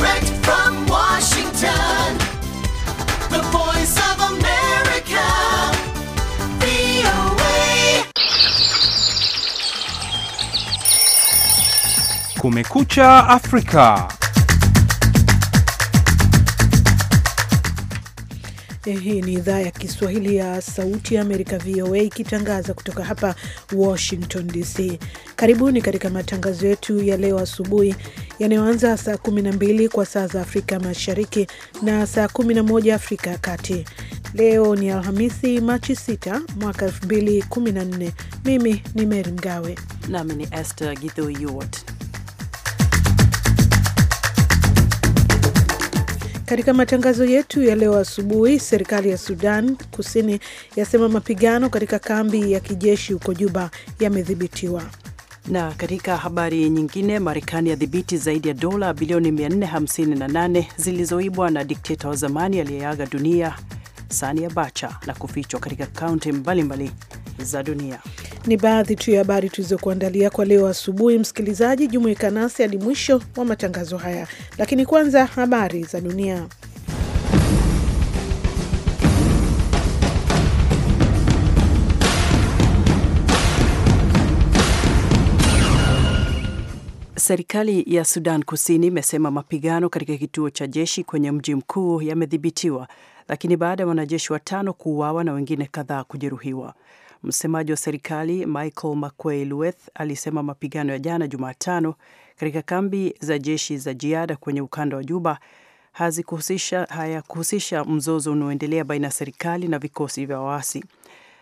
Direct from Washington, the voice of America, VOA. Kumekucha Afrika. Eh, hii ni idhaa ya Kiswahili ya Sauti ya Amerika, VOA, ikitangaza kutoka hapa Washington DC. Karibuni katika matangazo yetu ya leo asubuhi yanayoanza saa 12 kwa saa za Afrika Mashariki na saa 11 Afrika ya Kati. Leo ni Alhamisi, Machi 6 mwaka 2014. Mimi ni Meri Mgawe nami ni Esther Githyuwot. Katika matangazo yetu ya leo asubuhi, serikali ya Sudan Kusini yasema mapigano katika kambi ya kijeshi huko Juba yamedhibitiwa. Na katika habari nyingine, Marekani yadhibiti zaidi ya dola bilioni 458 zilizoibwa na dikteta wa zamani aliyeaga dunia Sani Abacha na kufichwa katika kaunti mbalimbali za dunia. Ni baadhi tu ya habari tulizokuandalia kwa leo asubuhi. Msikilizaji, jumuika nasi hadi mwisho wa matangazo haya, lakini kwanza habari za dunia. Serikali ya Sudan Kusini imesema mapigano katika kituo cha jeshi kwenye mji mkuu yamedhibitiwa, lakini baada ya wanajeshi watano kuuawa na wengine kadhaa kujeruhiwa. Msemaji wa serikali Michael Makuei Lueth alisema mapigano ya jana Jumatano katika kambi za jeshi za Jiada kwenye ukanda wa Juba hayakuhusisha mzozo unaoendelea baina ya serikali na vikosi vya waasi.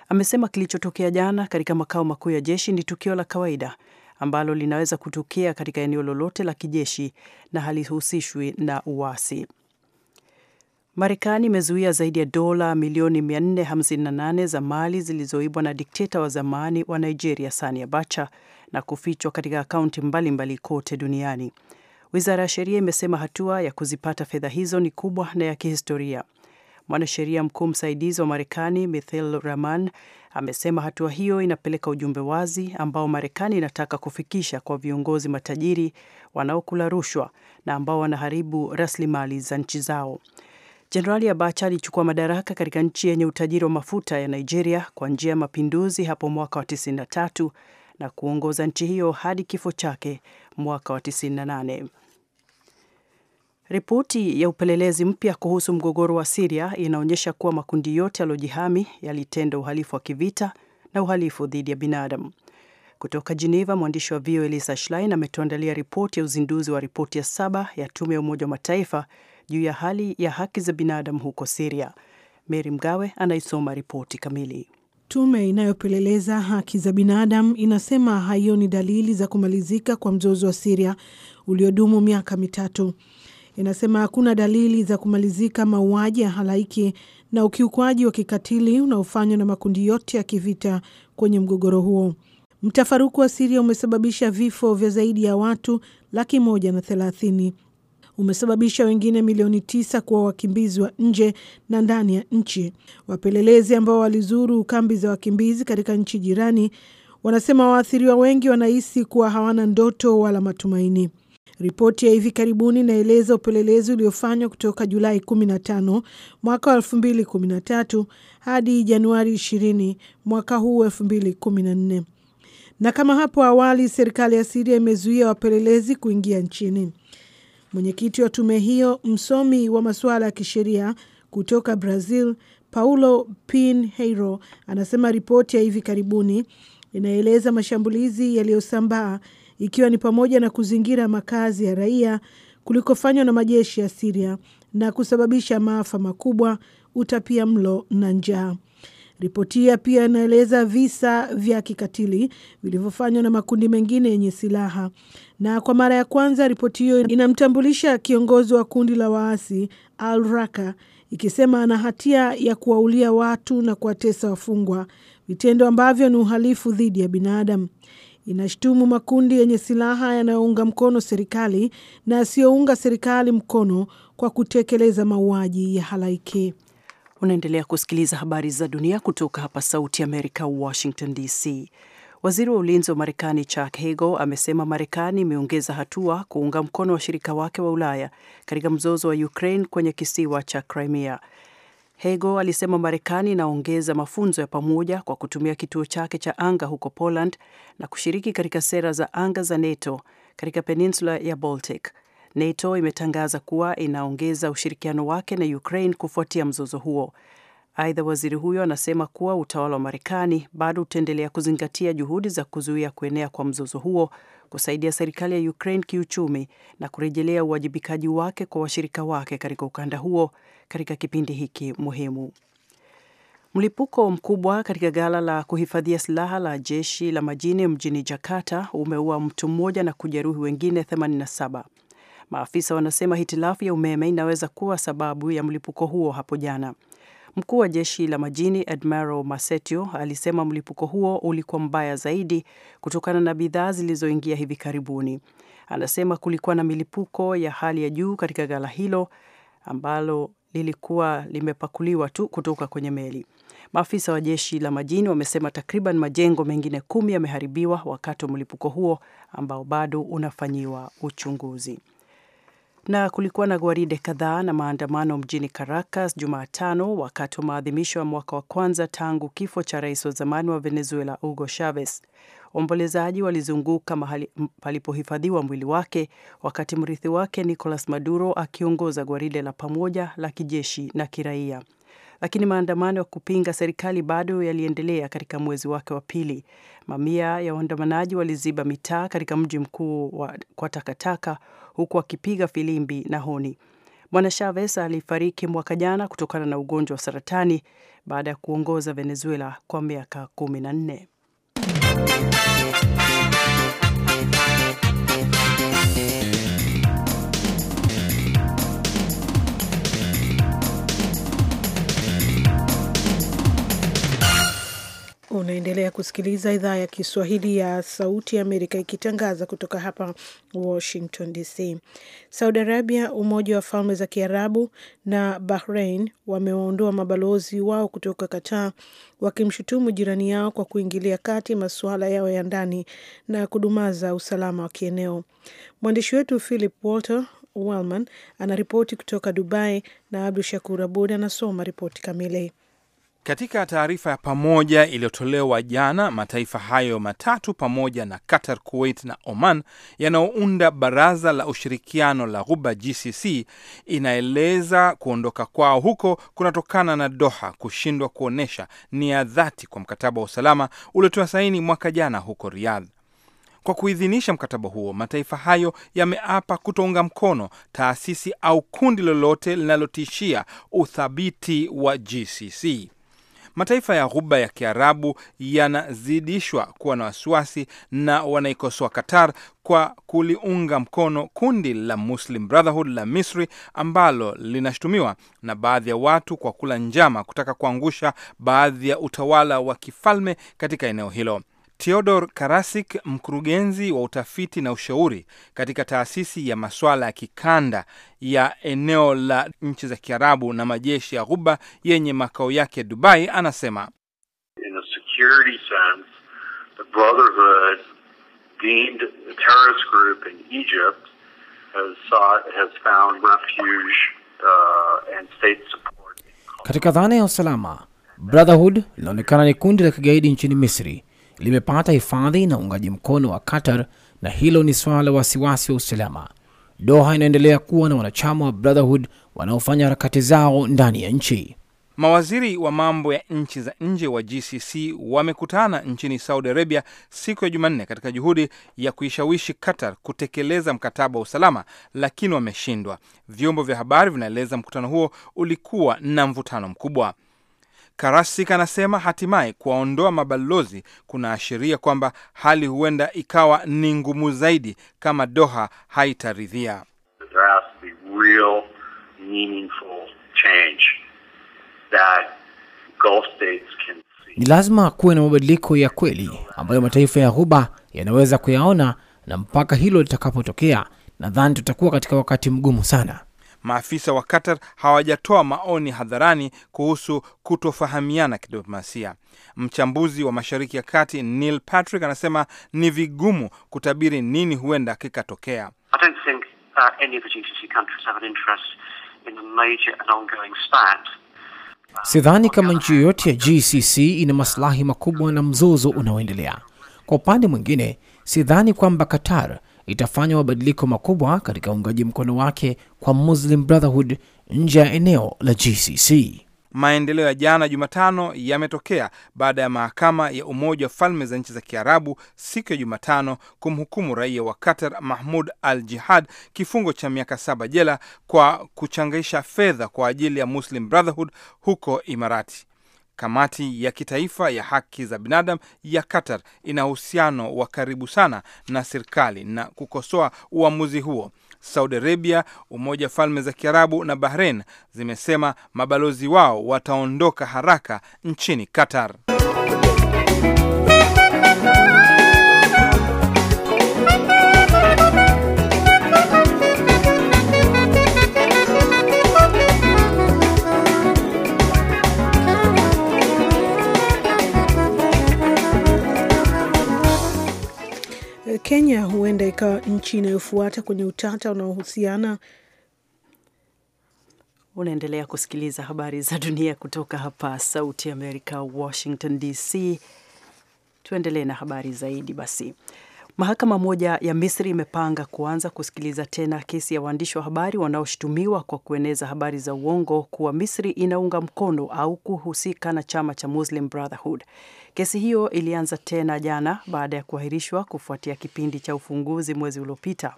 Amesema kilichotokea jana katika makao makuu ya jeshi ni tukio la kawaida ambalo linaweza kutokea katika eneo lolote la kijeshi na halihusishwi na uasi. Marekani imezuia zaidi ya dola milioni 458 za mali zilizoibwa na dikteta wa zamani wa Nigeria Sani Abacha na kufichwa katika akaunti mbalimbali kote duniani. Wizara ya Sheria imesema hatua ya kuzipata fedha hizo ni kubwa na ya kihistoria. Mwanasheria mkuu msaidizi wa Marekani Mithel raman amesema hatua hiyo inapeleka ujumbe wazi ambao Marekani inataka kufikisha kwa viongozi matajiri wanaokula rushwa na ambao wanaharibu rasilimali za nchi zao. Jenerali Abacha alichukua madaraka katika nchi yenye utajiri wa mafuta ya Nigeria kwa njia ya mapinduzi hapo mwaka wa 93 na kuongoza nchi hiyo hadi kifo chake mwaka wa 98. Ripoti ya upelelezi mpya kuhusu mgogoro wa Siria inaonyesha kuwa makundi yote yaliyojihami yalitenda uhalifu wa kivita na uhalifu dhidi ya binadamu. Kutoka Geneva, mwandishi wa VOA Lisa Schlein ametuandalia ripoti ya uzinduzi wa ripoti ya saba ya tume ya Umoja wa Mataifa juu ya hali ya haki za binadamu huko Siria. mery Mgawe anaisoma ripoti kamili. Tume inayopeleleza haki za binadamu inasema haioni dalili za kumalizika kwa mzozo wa Siria uliodumu miaka mitatu inasema hakuna dalili za kumalizika mauaji ya halaiki na ukiukwaji wa kikatili unaofanywa na makundi yote ya kivita kwenye mgogoro huo. Mtafaruku wa Siria umesababisha vifo vya zaidi ya watu laki moja na thelathini, umesababisha wengine milioni tisa kuwa wakimbizi wa nje na ndani ya nchi. Wapelelezi ambao walizuru kambi za wakimbizi katika nchi jirani wanasema waathiriwa wengi wanahisi kuwa hawana ndoto wala matumaini. Ripoti ya hivi karibuni inaeleza upelelezi uliofanywa kutoka Julai 15 mwaka wa 2013 hadi Januari 20 mwaka huu 2014. Na kama hapo awali, serikali ya Siria imezuia wapelelezi kuingia nchini. Mwenyekiti wa tume hiyo, msomi wa masuala ya kisheria kutoka Brazil, Paulo Pinheiro, anasema ripoti ya hivi karibuni inaeleza mashambulizi yaliyosambaa ikiwa ni pamoja na kuzingira makazi ya raia kulikofanywa na majeshi ya Siria na kusababisha maafa makubwa, utapia mlo na njaa. Ripoti hiyo pia inaeleza visa vya kikatili vilivyofanywa na makundi mengine yenye silaha, na kwa mara ya kwanza ripoti hiyo inamtambulisha kiongozi wa kundi la waasi Al Raka ikisema ana hatia ya kuwaulia watu na kuwatesa wafungwa, vitendo ambavyo ni uhalifu dhidi ya binadamu inashutumu makundi yenye silaha yanayounga mkono serikali na yasiyounga serikali mkono kwa kutekeleza mauaji ya halaiki. Unaendelea kusikiliza habari za dunia kutoka hapa Sauti ya Amerika, Washington DC. Waziri wa ulinzi wa Marekani Chuck Hagel amesema Marekani imeongeza hatua kuunga mkono washirika wake wa Ulaya katika mzozo wa Ukraine kwenye kisiwa cha Crimea. Hego alisema Marekani inaongeza mafunzo ya pamoja kwa kutumia kituo chake cha anga huko Poland na kushiriki katika sera za anga za NATO katika peninsula ya Baltic. NATO imetangaza kuwa inaongeza ushirikiano wake na Ukraine kufuatia mzozo huo. Aidha, waziri huyo anasema kuwa utawala wa Marekani bado utaendelea kuzingatia juhudi za kuzuia kuenea kwa mzozo huo, kusaidia serikali ya Ukraine kiuchumi na kurejelea uwajibikaji wake kwa washirika wake katika ukanda huo katika kipindi hiki muhimu. Mlipuko mkubwa katika ghala la kuhifadhia silaha la jeshi la majini mjini Jakarta umeua mtu mmoja na kujeruhi wengine 87. Maafisa wanasema hitilafu ya umeme inaweza kuwa sababu ya mlipuko huo hapo jana. Mkuu wa jeshi la majini Admiral Masetio alisema mlipuko huo ulikuwa mbaya zaidi kutokana na bidhaa zilizoingia hivi karibuni. Anasema kulikuwa na milipuko ya hali ya juu katika ghala hilo ambalo lilikuwa limepakuliwa tu kutoka kwenye meli. Maafisa wa jeshi la majini wamesema takriban majengo mengine kumi yameharibiwa wakati wa mlipuko huo ambao bado unafanyiwa uchunguzi na kulikuwa na gwaride kadhaa na maandamano mjini Caracas Jumatano wakati wa maadhimisho ya mwaka wa kwanza tangu kifo cha rais wa zamani wa Venezuela Hugo Chavez. Waombolezaji walizunguka mahali palipohifadhiwa mwili wake wakati mrithi wake Nicolas Maduro akiongoza gwaride la pamoja la kijeshi na kiraia lakini maandamano ya kupinga serikali bado yaliendelea katika mwezi wake wa pili. Mamia ya waandamanaji waliziba mitaa katika mji mkuu wa, kwa takataka huku wakipiga filimbi na honi. Bwana Chavez alifariki mwaka jana kutokana na ugonjwa wa saratani baada ya kuongoza Venezuela kwa miaka kumi na nne Unaendelea kusikiliza idhaa ya Kiswahili ya Sauti ya Amerika ikitangaza kutoka hapa Washington DC. Saudi Arabia, Umoja wa Falme za Kiarabu na Bahrain wamewaondoa mabalozi wao kutoka Qatar, wakimshutumu jirani yao kwa kuingilia kati masuala yao ya ndani na kudumaza usalama wa kieneo. Mwandishi wetu Philip Walter Wellman anaripoti kutoka Dubai na Abdu Shakur Abud anasoma ripoti kamili. Katika taarifa ya pamoja iliyotolewa jana, mataifa hayo matatu pamoja na Qatar, Kuwait na Oman yanayounda Baraza la Ushirikiano la Ghuba GCC inaeleza kuondoka kwao huko kunatokana na Doha kushindwa kuonyesha nia dhati kwa mkataba wa usalama uliotoa saini mwaka jana huko Riyadh. Kwa kuidhinisha mkataba huo, mataifa hayo yameapa kutounga mkono taasisi au kundi lolote linalotishia uthabiti wa GCC. Mataifa ya Ghuba ya Kiarabu yanazidishwa kuwa na wasiwasi na wanaikosoa Qatar kwa kuliunga mkono kundi la Muslim Brotherhood la Misri ambalo linashutumiwa na baadhi ya watu kwa kula njama kutaka kuangusha baadhi ya utawala wa kifalme katika eneo hilo. Theodor Karasik, mkurugenzi wa utafiti na ushauri katika taasisi ya masuala ya kikanda ya eneo la nchi za Kiarabu na majeshi ya Ghuba yenye makao yake Dubai, anasema In a security sense, the Brotherhood deemed a terrorist group in Egypt has sought, has found refuge, uh, and state support. Katika dhana ya usalama, Brotherhood linaonekana ni kundi la kigaidi nchini Misri limepata hifadhi na uungaji mkono wa Qatar, na hilo ni swala la wasiwasi wa usalama. Doha inaendelea kuwa na wanachama wa Brotherhood wanaofanya harakati zao ndani ya nchi. Mawaziri wa mambo ya nchi za nje wa GCC wamekutana nchini Saudi Arabia siku ya Jumanne katika juhudi ya kuishawishi Qatar kutekeleza mkataba wa usalama, lakini wameshindwa. Vyombo vya habari vinaeleza mkutano huo ulikuwa na mvutano mkubwa. Karasik anasema hatimaye kuwaondoa mabalozi kunaashiria kwamba hali huenda ikawa ni ngumu zaidi kama Doha haitaridhia. Ni lazima kuwe na mabadiliko ya kweli ambayo mataifa ya Ghuba yanaweza kuyaona, na mpaka hilo litakapotokea, nadhani tutakuwa katika wakati mgumu sana maafisa wa Qatar hawajatoa maoni hadharani kuhusu kutofahamiana kidiplomasia. Mchambuzi wa Mashariki ya Kati Neil Patrick anasema ni vigumu kutabiri nini huenda kikatokea. Uh, sidhani kama nchi yoyote ya GCC ina masilahi makubwa na mzozo unaoendelea. Kwa upande mwingine, sidhani kwamba Qatar itafanya mabadiliko makubwa katika uungaji mkono wake kwa Muslim Brotherhood nje ya eneo la GCC. Maendeleo ya jana Jumatano yametokea baada ya mahakama ya Umoja wa Falme za Nchi za Kiarabu siku ya Jumatano kumhukumu raia wa Qatar Mahmud Al Jihad kifungo cha miaka saba jela kwa kuchangisha fedha kwa ajili ya Muslim Brotherhood huko Imarati. Kamati ya Kitaifa ya Haki za Binadamu ya Qatar ina uhusiano wa karibu sana na serikali na kukosoa uamuzi huo. Saudi Arabia, Umoja wa Falme za Kiarabu na Bahrain zimesema mabalozi wao wataondoka haraka nchini Qatar. Kenya huenda ikawa nchi inayofuata kwenye utata unaohusiana. Unaendelea kusikiliza habari za dunia kutoka hapa Sauti ya Amerika, Washington DC. Tuendelee na habari zaidi basi. Mahakama moja ya Misri imepanga kuanza kusikiliza tena kesi ya waandishi wa habari wanaoshutumiwa kwa kueneza habari za uongo kuwa Misri inaunga mkono au kuhusika na chama cha Muslim Brotherhood. Kesi hiyo ilianza tena jana baada ya kuahirishwa kufuatia kipindi cha ufunguzi mwezi uliopita.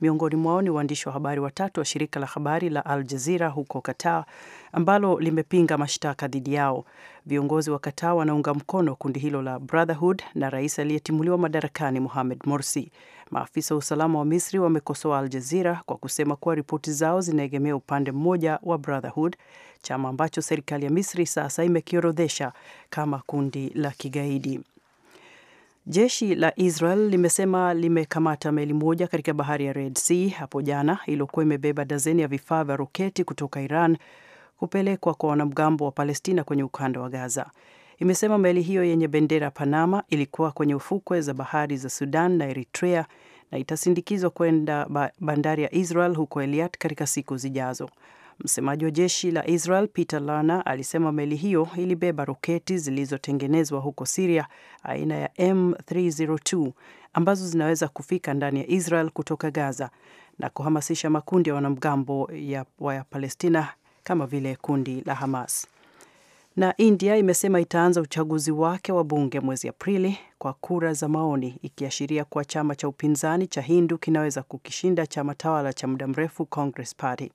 Miongoni mwao ni waandishi wa habari watatu wa shirika la habari la Al Jazeera huko Qatar ambalo limepinga mashtaka dhidi yao. Viongozi wa Qatar wanaunga mkono kundi hilo la Brotherhood na rais aliyetimuliwa madarakani Mohamed Morsi. Maafisa wa usalama wa Misri wamekosoa Al Jazeera kwa kusema kuwa ripoti zao zinaegemea upande mmoja wa Brotherhood, chama ambacho serikali ya Misri sasa imekiorodhesha kama kundi la kigaidi. Jeshi la Israel limesema limekamata meli moja katika bahari ya Red Sea hapo jana iliyokuwa imebeba dazeni ya vifaa vya roketi kutoka Iran kupelekwa kwa wanamgambo wa Palestina kwenye ukanda wa Gaza. Imesema meli hiyo yenye bendera Panama ilikuwa kwenye ufukwe za bahari za Sudan na Eritrea na itasindikizwa kwenda bandari ya Israel huko Eliat katika siku zijazo. Msemaji wa jeshi la Israel Peter Lana alisema meli hiyo ilibeba roketi zilizotengenezwa huko Siria aina ya M302 ambazo zinaweza kufika ndani ya Israel kutoka Gaza na kuhamasisha makundi ya wanamgambo ya palestina kama vile kundi la Hamas. Na India imesema itaanza uchaguzi wake wa bunge mwezi Aprili kwa kura za maoni, ikiashiria kuwa chama cha upinzani cha Hindu kinaweza kukishinda chama tawala cha muda mrefu Congress Party.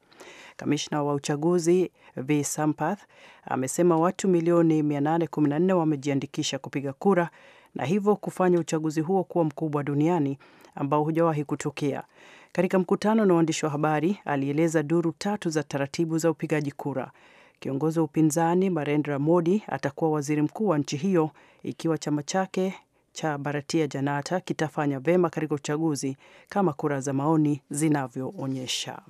Kamishna wa uchaguzi V Sampath amesema watu milioni 814 wamejiandikisha kupiga kura na hivyo kufanya uchaguzi huo kuwa mkubwa duniani ambao hujawahi kutokea. Katika mkutano na waandishi wa habari, alieleza duru tatu za taratibu za upigaji kura. Kiongozi wa upinzani Narendra Modi atakuwa waziri mkuu wa nchi hiyo ikiwa chama chake cha Bharatiya Janata kitafanya vema katika uchaguzi kama kura za maoni zinavyoonyesha.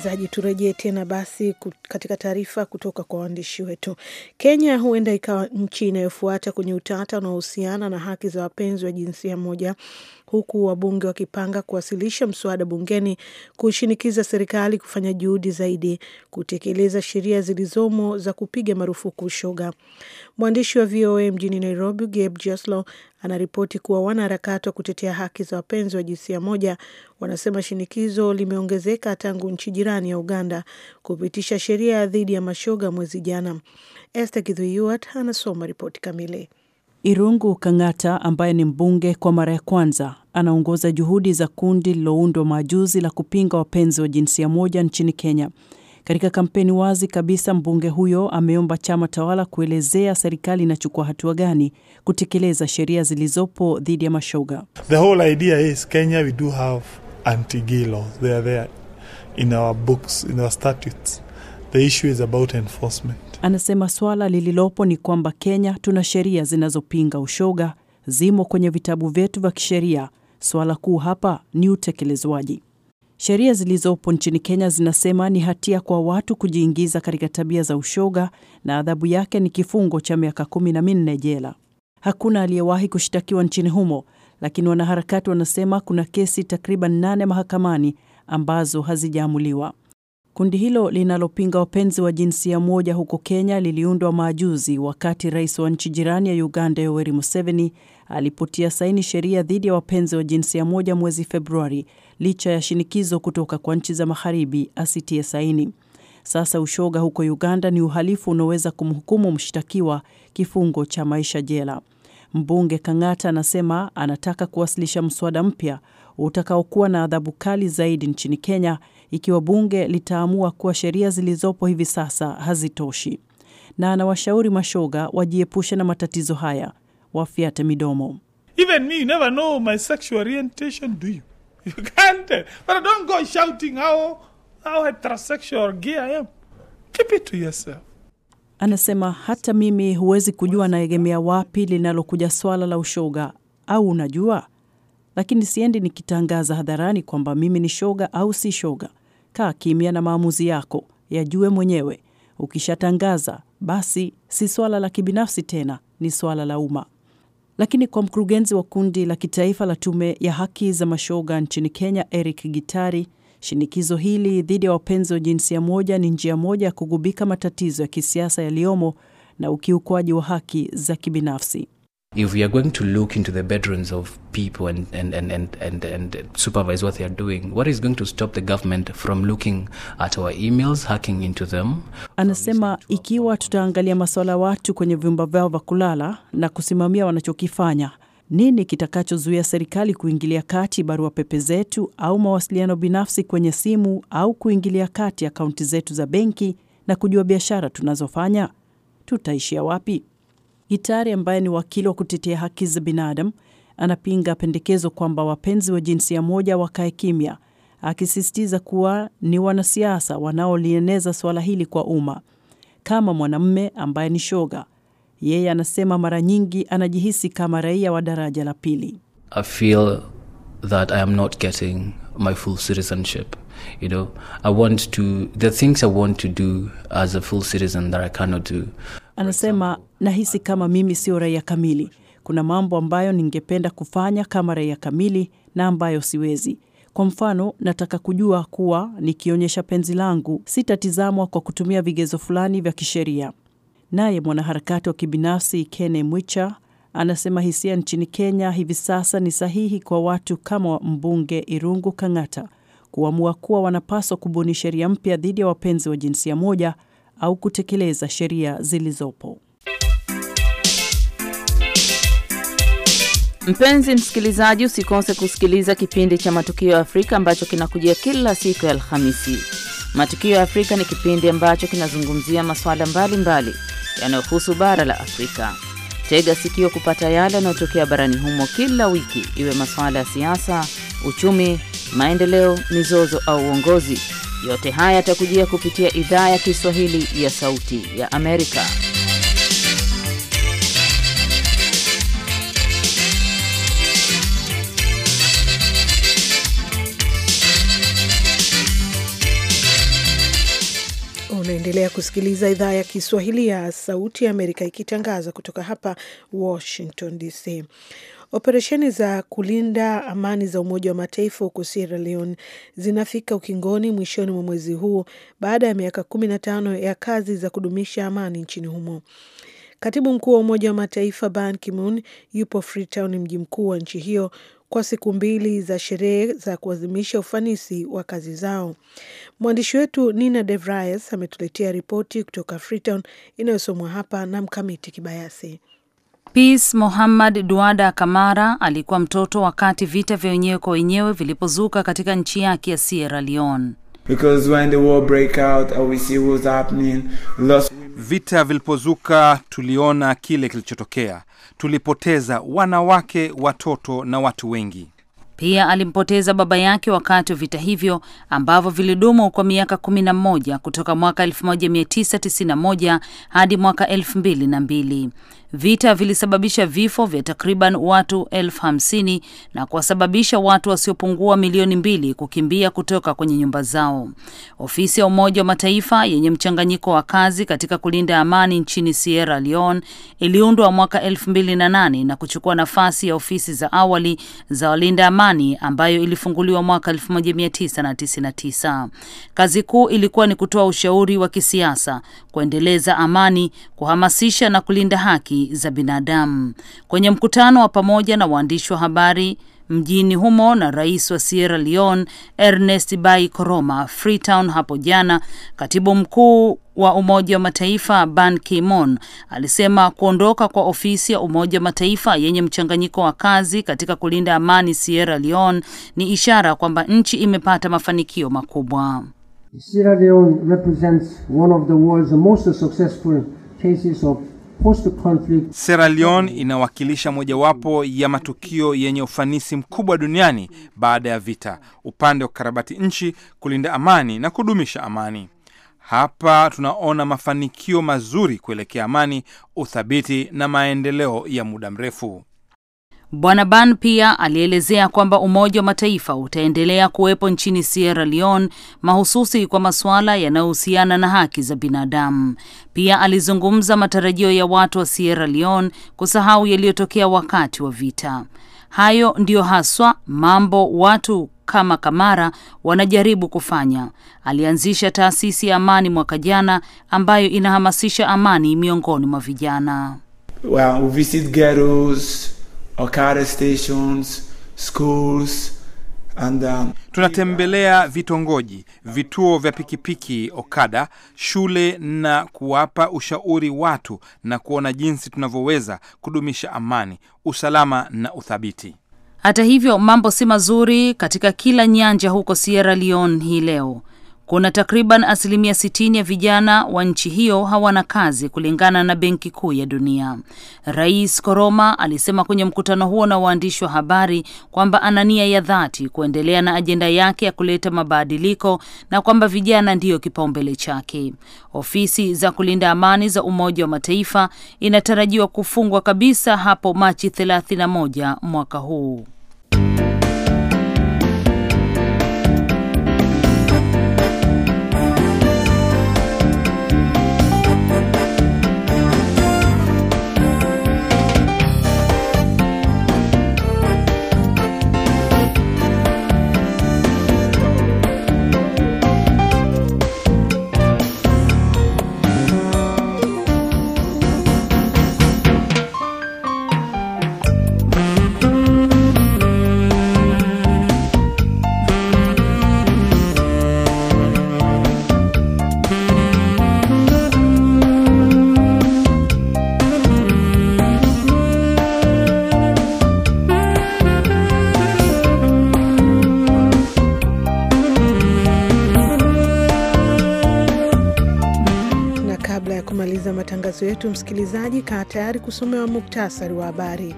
msikilizaji, turejee tena basi katika taarifa kutoka kwa waandishi wetu. Kenya huenda ikawa nchi inayofuata kwenye utata unaohusiana na haki za wapenzi wa jinsia moja, huku wabunge wakipanga kuwasilisha mswada bungeni kushinikiza serikali kufanya juhudi zaidi kutekeleza sheria zilizomo za kupiga marufuku shoga. Mwandishi wa VOA mjini Nairobi, Gabe Jaslow anaripoti kuwa wanaharakati wa kutetea haki za wapenzi wa jinsia moja wanasema shinikizo limeongezeka tangu nchi jirani ya Uganda kupitisha sheria dhidi ya mashoga mwezi jana. Esther Githyuat anasoma ripoti kamili. Irungu Kang'ata ambaye ni mbunge kwa mara ya kwanza anaongoza juhudi za kundi lililoundwa majuzi la kupinga wapenzi wa jinsia moja nchini Kenya. Katika kampeni wazi kabisa, mbunge huyo ameomba chama tawala kuelezea serikali inachukua hatua gani kutekeleza sheria zilizopo dhidi ya mashoga. The whole idea is Kenya we do have anti-gay laws. They are there in our books, in our statutes. The issue is about enforcement. Anasema swala lililopo ni kwamba Kenya tuna sheria zinazopinga ushoga, zimo kwenye vitabu vyetu vya kisheria. Swala kuu hapa ni utekelezwaji. Sheria zilizopo nchini Kenya zinasema ni hatia kwa watu kujiingiza katika tabia za ushoga na adhabu yake ni kifungo cha miaka kumi na minne jela. Hakuna aliyewahi kushtakiwa nchini humo, lakini wanaharakati wanasema kuna kesi takriban nane mahakamani ambazo hazijaamuliwa. Kundi hilo linalopinga wapenzi wa jinsia moja huko Kenya liliundwa maajuzi wakati rais wa nchi jirani ya Uganda Yoweri Museveni alipotia saini sheria dhidi ya wapenzi wa jinsia moja mwezi Februari licha ya shinikizo kutoka kwa nchi za magharibi asitie saini. Sasa ushoga huko Uganda ni uhalifu unaoweza kumhukumu mshtakiwa kifungo cha maisha jela. Mbunge Kang'ata anasema anataka kuwasilisha mswada mpya utakaokuwa na adhabu kali zaidi nchini Kenya ikiwa bunge litaamua kuwa sheria zilizopo hivi sasa hazitoshi, na anawashauri mashoga wajiepushe na matatizo haya wafyate midomo. Even me, you never know my sexual orientation, do you? You can't But I don't go shouting how, how heterosexual gay I am. Keep it to yourself. Anasema hata mimi huwezi kujua naegemea wapi linalokuja swala la ushoga au unajua, lakini siendi nikitangaza hadharani kwamba mimi ni shoga au si shoga. Kaa kimya na maamuzi yako yajue mwenyewe. Ukishatangaza basi si swala la kibinafsi tena, ni swala la umma. Lakini kwa mkurugenzi wa kundi la kitaifa la tume ya haki za mashoga nchini Kenya, Eric Gitari, shinikizo hili dhidi ya wapenzi wa jinsia moja ni njia moja ya kugubika matatizo ya kisiasa yaliyomo na ukiukwaji wa haki za kibinafsi. If we are going to look into the bedrooms of people and, and, and, and, and, and, supervise what they are doing, what is going to stop the government from looking at our emails, hacking into them? Anasema ikiwa tutaangalia masuala watu kwenye vyumba vyao vya kulala na kusimamia wanachokifanya, nini kitakachozuia serikali kuingilia kati barua pepe zetu au mawasiliano binafsi kwenye simu au kuingilia kati akaunti zetu za benki na kujua biashara tunazofanya? Tutaishia wapi? hitari ambaye ni wakili wa kutetea haki za binadamu anapinga pendekezo kwamba wapenzi wa jinsia moja wakae kimya, akisisitiza kuwa ni wanasiasa wanaolieneza suala hili kwa umma. Kama mwanamme ambaye ni shoga, yeye anasema mara nyingi anajihisi kama raia wa daraja la pili. I feel that I am not getting my full citizenship You know, I want to the things I want to do as a full citizen that I cannot do. Anasema nahisi kama mimi sio raia kamili. Kuna mambo ambayo ningependa kufanya kama raia kamili na ambayo siwezi. Kwa mfano, nataka kujua kuwa nikionyesha penzi langu sitatizamwa kwa kutumia vigezo fulani vya kisheria. Naye mwanaharakati wa kibinafsi Kene Mwicha anasema hisia nchini Kenya hivi sasa ni sahihi kwa watu kama mbunge Irungu Kang'ata kuamua kuwa wanapaswa kubuni sheria mpya dhidi ya wapenzi wa jinsia moja au kutekeleza sheria zilizopo. Mpenzi msikilizaji, usikose kusikiliza kipindi cha Matukio ya Afrika ambacho kinakujia kila siku ya Alhamisi. Matukio ya Afrika ni kipindi ambacho kinazungumzia masuala mbalimbali yanayohusu bara la Afrika. Tega sikio kupata yale yanayotokea barani humo kila wiki, iwe masuala ya siasa, uchumi maendeleo, mizozo au uongozi. Yote haya yatakujia kupitia idhaa ya Kiswahili ya Sauti ya Amerika. Unaendelea kusikiliza idhaa ya Kiswahili ya Sauti ya Amerika ikitangaza kutoka hapa Washington DC. Operesheni za kulinda amani za Umoja wa Mataifa huko Sierra Leone zinafika ukingoni mwishoni mwa mwezi huu baada ya miaka kumi na tano ya kazi za kudumisha amani nchini humo. Katibu mkuu wa Umoja wa Mataifa Ban Ki-moon yupo Freetown, mji mkuu wa nchi hiyo kwa siku mbili za sherehe za kuadhimisha ufanisi wa kazi zao. Mwandishi wetu Nina devries ametuletea ripoti kutoka Freetown inayosomwa hapa na Mkamiti Kibayasi. Peace Mohammad Duada Kamara alikuwa mtoto wakati vita vya wenyewe kwa wenyewe vilipozuka katika nchi yake ya Sierra Leone. Vita vilipozuka tuliona kile kilichotokea. Tulipoteza wanawake, watoto na watu wengi. Pia alimpoteza baba yake wakati wa vita hivyo ambavyo vilidumu kwa miaka 11 kutoka mwaka 1991 hadi mwaka 2002. Vita vilisababisha vifo vya takriban watu elfu hamsini na kuwasababisha watu wasiopungua milioni mbili kukimbia kutoka kwenye nyumba zao. Ofisi ya Umoja wa Mataifa yenye mchanganyiko wa kazi katika kulinda amani nchini Sierra Leone iliundwa mwaka elfu mbili na nane na kuchukua nafasi ya ofisi za awali za walinda amani ambayo ilifunguliwa mwaka 1999. Kazi kuu ilikuwa ni kutoa ushauri wa kisiasa, kuendeleza amani, kuhamasisha na kulinda haki za binadamu kwenye mkutano wa pamoja na waandishi wa habari mjini humo na rais wa Sierra Leone Ernest Bai Koroma Freetown hapo jana, katibu mkuu wa Umoja wa Mataifa Ban Ki-moon alisema kuondoka kwa ofisi ya Umoja wa Mataifa yenye mchanganyiko wa kazi katika kulinda amani Sierra Leone ni ishara kwamba nchi imepata mafanikio makubwa. Sierra Leone represents one of the world's most successful cases of Sierra Leone inawakilisha mojawapo ya matukio yenye ufanisi mkubwa duniani baada ya vita, upande wa kukarabati nchi, kulinda amani na kudumisha amani. Hapa tunaona mafanikio mazuri kuelekea amani, uthabiti na maendeleo ya muda mrefu. Bwana Ban pia alielezea kwamba Umoja wa Mataifa utaendelea kuwepo nchini Sierra Leone mahususi kwa masuala yanayohusiana na haki za binadamu. Pia alizungumza matarajio ya watu wa Sierra Leone kusahau yaliyotokea wakati wa vita. Hayo ndiyo haswa mambo watu kama Kamara wanajaribu kufanya. Alianzisha taasisi ya amani mwaka jana ambayo inahamasisha amani miongoni mwa vijana. Well, we visit ghettos Okare stations, schools, And, um, tunatembelea vitongoji, vituo vya pikipiki Okada, shule na kuwapa ushauri watu na kuona jinsi tunavyoweza kudumisha amani, usalama na uthabiti. Hata hivyo, mambo si mazuri katika kila nyanja huko Sierra Leone hii leo. Kuna takriban asilimia 60 ya vijana wa nchi hiyo hawana kazi kulingana na Benki Kuu ya Dunia. Rais Koroma alisema kwenye mkutano huo na waandishi wa habari kwamba ana nia ya dhati kuendelea na ajenda yake ya kuleta mabadiliko na kwamba vijana ndiyo kipaumbele chake. Ofisi za kulinda amani za Umoja wa Mataifa inatarajiwa kufungwa kabisa hapo Machi 31 mwaka huu. Kabla ya kumaliza matangazo yetu, msikilizaji, kaa tayari kusomewa muktasari wa habari.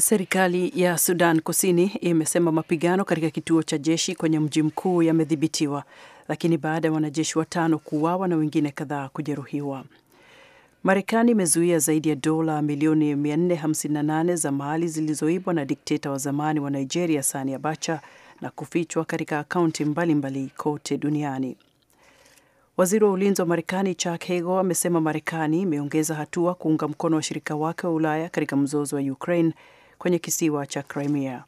Serikali ya Sudan Kusini imesema mapigano katika kituo cha jeshi kwenye mji mkuu yamedhibitiwa, lakini baada ya wanajeshi watano kuuawa na wengine kadhaa kujeruhiwa. Marekani imezuia zaidi ya dola milioni 458 za mali zilizoibwa na dikteta wa zamani wa Nigeria Sani Abacha na kufichwa katika akaunti mbalimbali kote duniani. Waziri wa ulinzi wa Marekani Chuck Hagel amesema Marekani imeongeza hatua kuunga mkono washirika wake wa Ulaya katika mzozo wa Ukraine kwenye kisiwa cha Crimea.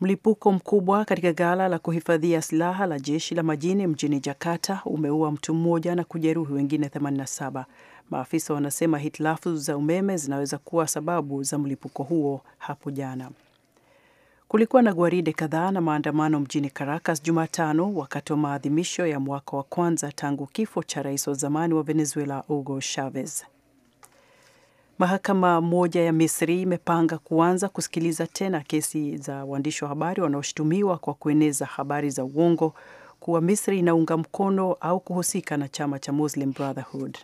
Mlipuko mkubwa katika ghala la kuhifadhia silaha la jeshi la majini mjini Jakarta umeua mtu mmoja na kujeruhi wengine 87. Maafisa wanasema hitilafu za umeme zinaweza kuwa sababu za mlipuko huo hapo jana. Kulikuwa na gwaride kadhaa na maandamano mjini Caracas Jumatano wakati wa maadhimisho ya mwaka wa kwanza tangu kifo cha rais wa zamani wa Venezuela Hugo Chavez. Mahakama moja ya Misri imepanga kuanza kusikiliza tena kesi za waandishi wa habari wanaoshutumiwa kwa kueneza habari za uongo kuwa Misri inaunga mkono au kuhusika na chama cha Muslim Brotherhood.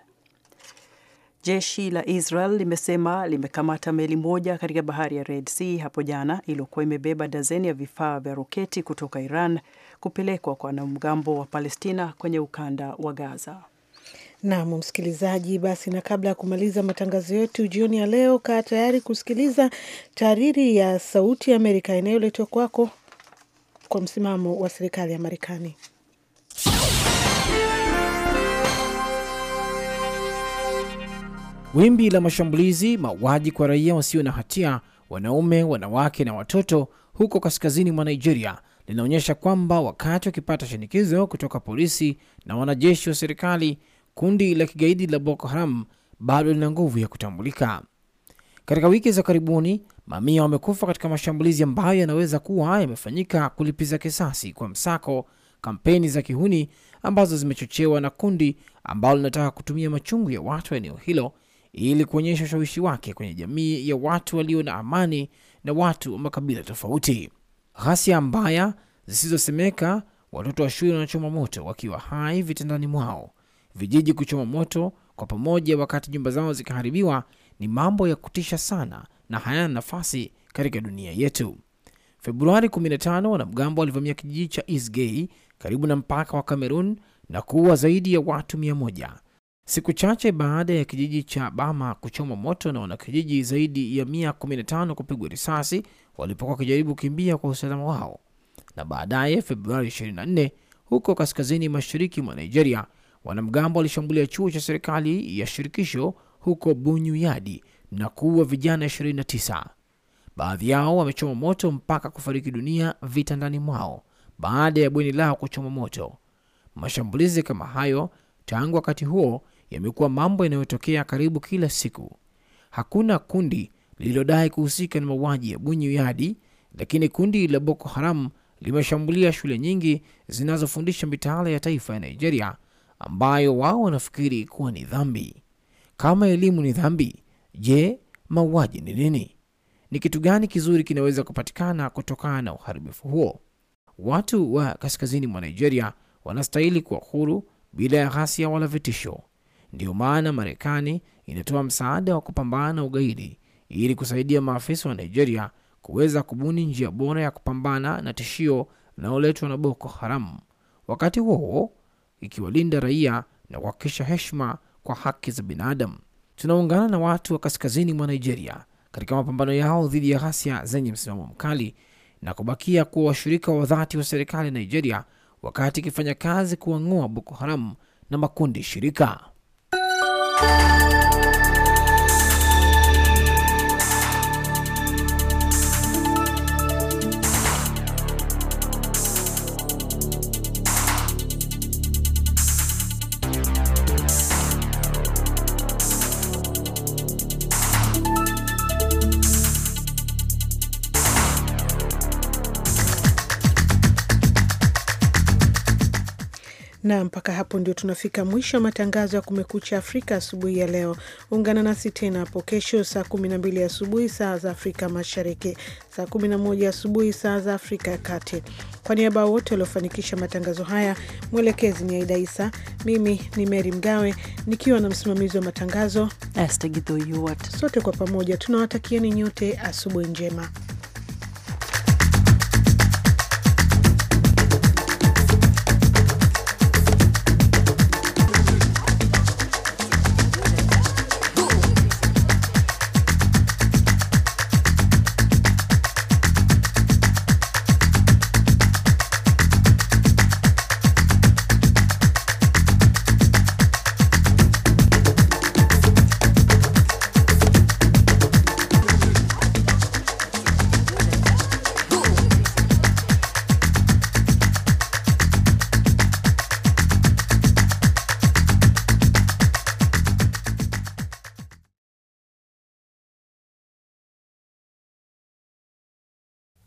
Jeshi la Israel limesema limekamata meli moja katika bahari ya Red Sea hapo jana iliyokuwa imebeba dazeni ya vifaa vya roketi kutoka Iran kupelekwa kwa wanamgambo wa Palestina kwenye ukanda wa Gaza. Nam msikilizaji, basi na kabla ya kumaliza matangazo yetu jioni ya leo, kaa tayari kusikiliza tahariri ya Sauti ya Amerika inayoletwa kwako kwa msimamo wa serikali ya Marekani. Wimbi la mashambulizi, mauaji kwa raia wasio na hatia, wanaume, wanawake na watoto huko kaskazini mwa Nigeria linaonyesha kwamba wakati wakipata shinikizo kutoka polisi na wanajeshi wa serikali, kundi la kigaidi la Boko Haram bado lina nguvu ya kutambulika. Katika wiki za karibuni, mamia wamekufa katika mashambulizi ambayo yanaweza kuwa yamefanyika kulipiza kisasi kwa msako, kampeni za kihuni ambazo zimechochewa na kundi ambalo linataka kutumia machungu ya watu wa eneo hilo ili kuonyesha ushawishi wake kwenye jamii ya watu walio na amani na watu wa makabila tofauti. Ghasia mbaya zisizosemeka, watoto wa shule wanachoma moto wakiwa hai vitandani mwao, vijiji kuchoma moto kwa pamoja wakati nyumba zao zikiharibiwa, ni mambo ya kutisha sana na hayana nafasi katika dunia yetu. Februari 15 wanamgambo walivamia kijiji cha Isgay karibu na mpaka wa Kamerun na kuua zaidi ya watu mia moja siku chache baada ya kijiji cha Bama kuchoma moto na wanakijiji zaidi ya 115 kupigwa risasi walipokuwa wakijaribu kukimbia kwa usalama wao, na baadaye Februari 24 huko kaskazini mashariki mwa Nigeria, wanamgambo walishambulia chuo cha serikali ya shirikisho huko Bunyuyadi na kuua vijana 29. Baadhi yao wamechoma moto mpaka kufariki dunia vitandani mwao baada ya bweni lao kuchoma moto. Mashambulizi kama hayo tangu wakati huo yamekuwa mambo yanayotokea karibu kila siku. Hakuna kundi lililodai kuhusika na mauaji ya Bunyi Yadi, lakini kundi la Boko Haram limeshambulia shule nyingi zinazofundisha mitaala ya taifa ya Nigeria, ambayo wao wanafikiri kuwa ni dhambi. Kama elimu ni dhambi, je, mauaji ni nini? Ni kitu gani kizuri kinaweza kupatikana kutokana na uharibifu huo? Watu wa kaskazini mwa Nigeria wanastahili kuwa huru bila ya ghasia wala vitisho. Ndiyo maana Marekani inatoa msaada wa kupambana na ugaidi ili kusaidia maafisa wa Nigeria kuweza kubuni njia bora ya kupambana na tishio linaloletwa na Boko Haram, wakati huo ikiwalinda raia na kuhakikisha heshma kwa haki za binadamu. Tunaungana na watu wa kaskazini mwa Nigeria katika mapambano yao dhidi ya ghasia zenye msimamo mkali na kubakia kuwa washirika wa dhati wa serikali ya Nigeria wakati ikifanya kazi kuwang'oa Boko Haram na makundi shirika. Música Na mpaka hapo ndio tunafika mwisho wa matangazo ya Kumekucha Afrika asubuhi ya leo. Ungana nasi tena hapo kesho saa 12 asubuhi saa za Afrika Mashariki, saa 11 asubuhi saa za Afrika ya Kati. Kwa niaba ya wote waliofanikisha matangazo haya, mwelekezi ni Aida Isa, mimi ni Meri Mgawe nikiwa na msimamizi wa matangazo Sote kwa pamoja tunawatakieni nyote asubuhi njema.